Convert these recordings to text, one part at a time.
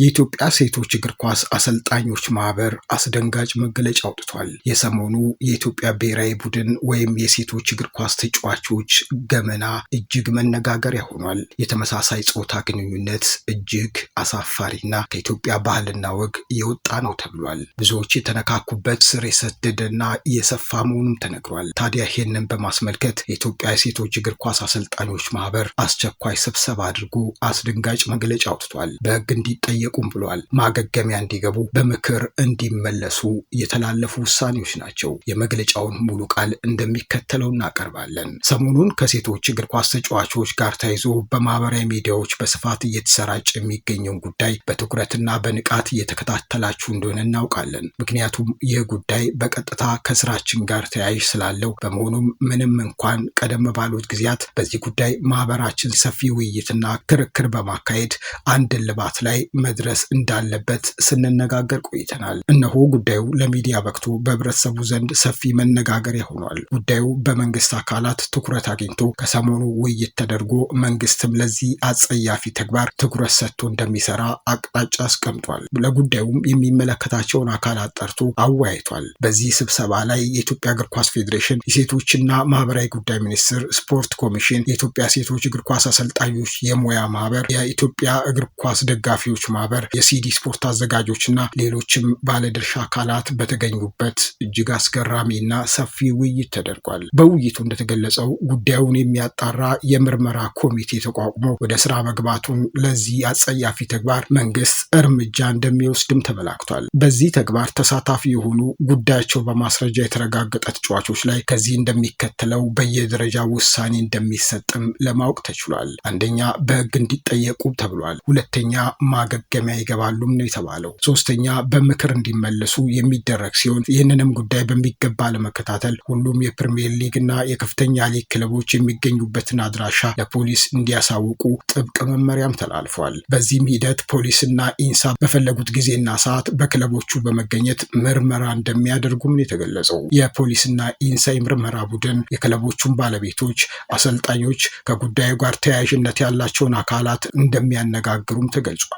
የኢትዮጵያ ሴቶች እግር ኳስ አሰልጣኞች ማህበር አስደንጋጭ መግለጫ አውጥቷል። የሰሞኑ የኢትዮጵያ ብሔራዊ ቡድን ወይም የሴቶች እግር ኳስ ተጫዋቾች ገመና እጅግ መነጋገሪያ ሆኗል። የተመሳሳይ ጾታ ግንኙነት እጅግ አሳፋሪና ከኢትዮጵያ ባህልና ወግ የወጣ ነው ተብሏል። ብዙዎች የተነካኩበት ስር የሰደደና የሰፋ መሆኑም ተነግሯል። ታዲያ ይህንን በማስመልከት የኢትዮጵያ የሴቶች እግር ኳስ አሰልጣኞች ማህበር አስቸኳይ ስብሰባ አድርጎ አስደንጋጭ መግለጫ አውጥቷል። በህግ እንዲጠ አይጠየቁም ብለዋል። ማገገሚያ እንዲገቡ በምክር እንዲመለሱ የተላለፉ ውሳኔዎች ናቸው። የመግለጫውን ሙሉ ቃል እንደሚከተለው እናቀርባለን። ሰሞኑን ከሴቶች እግር ኳስ ተጫዋቾች ጋር ተይዞ በማህበራዊ ሚዲያዎች በስፋት እየተሰራጨ የሚገኘውን ጉዳይ በትኩረትና በንቃት እየተከታተላችሁ እንደሆነ እናውቃለን። ምክንያቱም ይህ ጉዳይ በቀጥታ ከስራችን ጋር ተያያዥ ስላለው በመሆኑም ምንም እንኳን ቀደም ባሉት ጊዜያት በዚህ ጉዳይ ማህበራችን ሰፊ ውይይትና ክርክር በማካሄድ አንድ እልባት ላይ መ መድረስ እንዳለበት ስንነጋገር ቆይተናል። እነሆ ጉዳዩ ለሚዲያ በቅቶ በህብረተሰቡ ዘንድ ሰፊ መነጋገሪያ ሆኗል። ጉዳዩ በመንግስት አካላት ትኩረት አግኝቶ ከሰሞኑ ውይይት ተደርጎ መንግስትም ለዚህ አጸያፊ ተግባር ትኩረት ሰጥቶ እንደሚሰራ አቅጣጫ አስቀምጧል። ለጉዳዩም የሚመለከታቸውን አካላት ጠርቶ አወያይቷል። በዚህ ስብሰባ ላይ የኢትዮጵያ እግር ኳስ ፌዴሬሽን፣ የሴቶችና ማህበራዊ ጉዳይ ሚኒስቴር፣ ስፖርት ኮሚሽን፣ የኢትዮጵያ ሴቶች እግር ኳስ አሰልጣኞች የሙያ ማህበር፣ የኢትዮጵያ እግር ኳስ ደጋፊዎች ማህበር፣ የሲዲ ስፖርት አዘጋጆች እና ሌሎችም ባለድርሻ አካላት በተገኙበት እጅግ አስገራሚ እና ሰፊ ውይይት ተደርጓል። በውይይቱ እንደተገለጸው ጉዳዩን የሚያጣራ የምርመራ ኮሚቴ ተቋቁሞ ወደ ስራ መግባቱን፣ ለዚህ አጸያፊ ተግባር መንግስት እርምጃ እንደሚወስድም ተመላክቷል። በዚህ ተግባር ተሳታፊ የሆኑ ጉዳያቸው በማስረጃ የተረጋገጠ ተጫዋቾች ላይ ከዚህ እንደሚከተለው በየደረጃ ውሳኔ እንደሚሰጥም ለማወቅ ተችሏል። አንደኛ በህግ እንዲጠየቁ ተብሏል። ሁለተኛ ማገብ መገምገሚያ ይገባሉም ነው የተባለው። ሶስተኛ በምክር እንዲመለሱ የሚደረግ ሲሆን ይህንንም ጉዳይ በሚገባ ለመከታተል ሁሉም የፕሪምየር ሊግ እና የከፍተኛ ሊግ ክለቦች የሚገኙበትን አድራሻ ለፖሊስ እንዲያሳውቁ ጥብቅ መመሪያም ተላልፏል። በዚህም ሂደት ፖሊስና ኢንሳ በፈለጉት ጊዜና ሰዓት በክለቦቹ በመገኘት ምርመራ እንደሚያደርጉም ነው የተገለጸው። የፖሊስና ኢንሳ የምርመራ ቡድን የክለቦቹን ባለቤቶች፣ አሰልጣኞች፣ ከጉዳዩ ጋር ተያያዥነት ያላቸውን አካላት እንደሚያነጋግሩም ተገልጿል።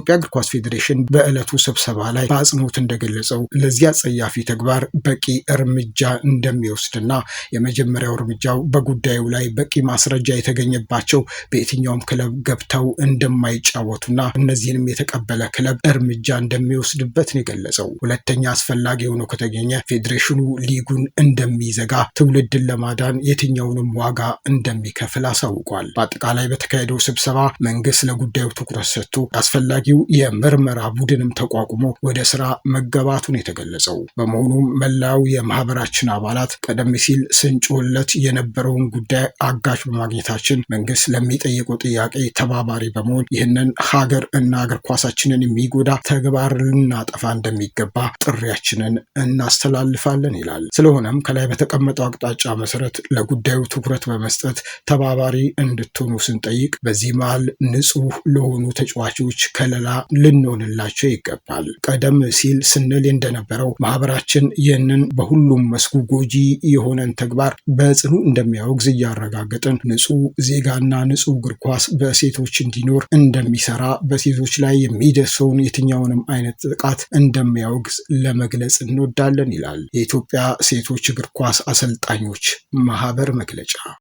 የኢትዮጵያ እግር ኳስ ፌዴሬሽን በዕለቱ ስብሰባ ላይ በአጽንኦት እንደገለጸው ለዚህ አጸያፊ ተግባር በቂ እርምጃ እንደሚወስድና የመጀመሪያው እርምጃው በጉዳዩ ላይ በቂ ማስረጃ የተገኘባቸው በየትኛውም ክለብ ገብተው እንደማይጫወቱና እነዚህንም የተቀበለ ክለብ እርምጃ እንደሚወስድበት ነው የገለጸው። ሁለተኛ አስፈላጊ ሆኖ ከተገኘ ፌዴሬሽኑ ሊጉን እንደሚዘጋ፣ ትውልድን ለማዳን የትኛውንም ዋጋ እንደሚከፍል አሳውቋል። በአጠቃላይ በተካሄደው ስብሰባ መንግስት ለጉዳዩ ትኩረት ሰጥቶ አስፈላጊ አስፈላጊው የምርመራ ቡድንም ተቋቁሞ ወደ ስራ መገባቱን የተገለጸው። በመሆኑም መላው የማህበራችን አባላት ቀደም ሲል ስንጮህለት የነበረውን ጉዳይ አጋች በማግኘታችን መንግስት ለሚጠይቀው ጥያቄ ተባባሪ በመሆን ይህንን ሀገር እና እግር ኳሳችንን የሚጎዳ ተግባር ልናጠፋ እንደሚገባ ጥሪያችንን እናስተላልፋለን ይላል። ስለሆነም ከላይ በተቀመጠው አቅጣጫ መሰረት ለጉዳዩ ትኩረት በመስጠት ተባባሪ እንድትሆኑ ስንጠይቅ በዚህ መሃል ንጹህ ለሆኑ ተጫዋቾች ከለ ከለላ ልንሆንላቸው ይገባል። ቀደም ሲል ስንል እንደነበረው ማህበራችን ይህንን በሁሉም መስኩ ጎጂ የሆነን ተግባር በጽኑ እንደሚያወግዝ እያረጋገጥን ንጹህ ዜጋና ንጹህ እግር ኳስ በሴቶች እንዲኖር እንደሚሰራ በሴቶች ላይ የሚደርሰውን የትኛውንም አይነት ጥቃት እንደሚያወግዝ ለመግለጽ እንወዳለን ይላል የኢትዮጵያ ሴቶች እግር ኳስ አሰልጣኞች ማህበር መግለጫ።